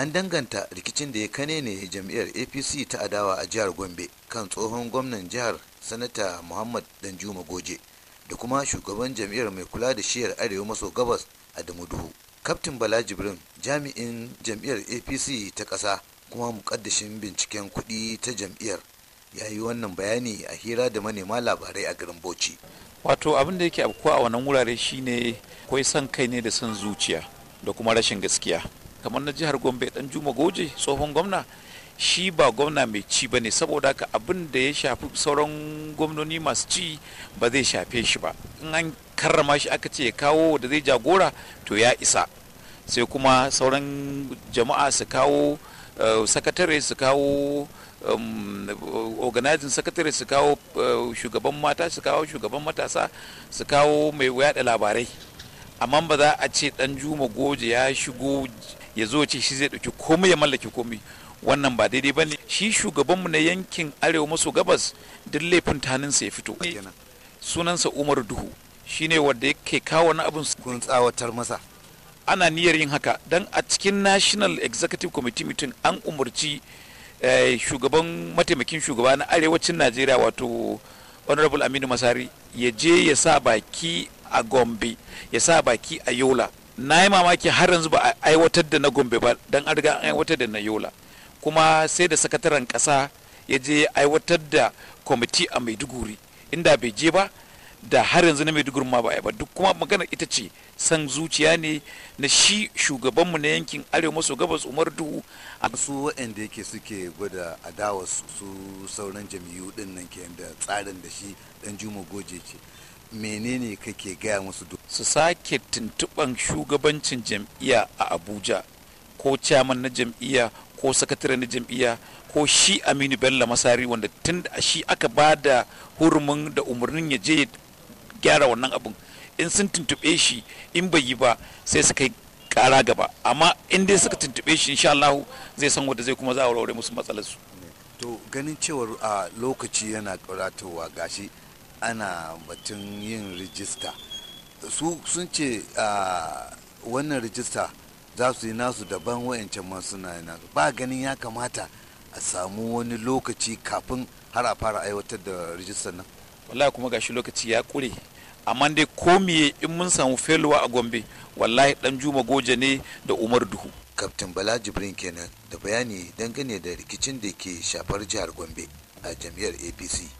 an danganta rikicin da ya kane ne jam'iyyar apc ta adawa a jihar gombe kan tsohon gwamnan jihar sanata muhammad danjuma goje da kuma shugaban jam'iyyar mai kula da shiyar arewa maso gabas adamu duhu kaftin bala jibrin jami'in jam'iyyar apc ta ƙasa kuma muƙaddashin binciken kuɗi ta jam'iyyar ya yi wannan bayani a hira da manema labarai a garin bauchi wato abin da yake afkuwa a wannan wurare shine akwai son kai ne da son zuciya da kuma rashin gaskiya kamar na jihar gombe dan juma goje tsohon gwamna shi ba gwamna mai ci ba ne saboda haka abin da ya shafi sauran gwamnoni masu ci ba zai shafe shi ba in an karrama shi aka ce ya kawo da zai jagora to ya isa sai kuma sauran jama'a su kawo eh, sakatare su kawo um, organizing sakatare su kawo eh, shugaban mata su kawo shugaban matasa su kawo mai yada labarai amma ba za a ce dan juma goje ya shigo ya zo ce shi zai ɗauki komai ya mallaki komai wannan ba daidai ba ne shi shugabanmu na yankin arewa maso gabas duk laifin tanninsa ya fito sunansa umar duhu shine wanda kai kawo na abin kun tsawatar masa ana niyyar yin haka don a cikin national executive committee meeting an umarci eh, shugaban mataimakin shugaba na arewacin najeriya wato honorable aminu masari ya je ya sa baki a gombe ya sa baki a yola na yi mamaki har yanzu ba a aiwatar da na gombe ba don an riga aiwatar da na yola kuma sai da sakataren kasa ya je aiwatar da kwamiti a maiduguri inda bai je ba da har yanzu na maiduguri ma ba ba duk kuma magana ita ce san zuciya ne na shi shugabanmu na yankin arewa maso gabas umar duhu a su waɗanda yake suke gwada adawa su sauran jam'iyyu din nan ke da tsarin da shi dan juma goje ce menene kake gaya musu su sake tuntuɓan shugabancin jam'iyya a abuja ko caman na jam'iyya ko sakatare na jam'iyya ko shi aminu bello masari wanda tun da shi aka ba da hurumin da umarnin ya je gyara wannan abun in sun tuntuɓe shi in bai yi ba sai suka yi kara gaba amma in dai suka tuntuɓe shi insha Allah zai san wanda zai kuma za a musu matsalarsu to ganin cewar a lokaci yana karatowa gashi ana batun yin rijista su sun ce wannan rijista za su yi nasu daban wayancan ma suna ba ganin ya kamata a samu wani lokaci kafin har a fara aiwatar da rijistar nan wallahi kuma gashi lokaci ya kure amma dai ko miye in mun samu feluwa a gombe wallahi dan juma goje ne da umar duhu kaftin bala jibrin kenan da bayani dangane da rikicin da ke shafar jihar gombe a jam'iyyar apc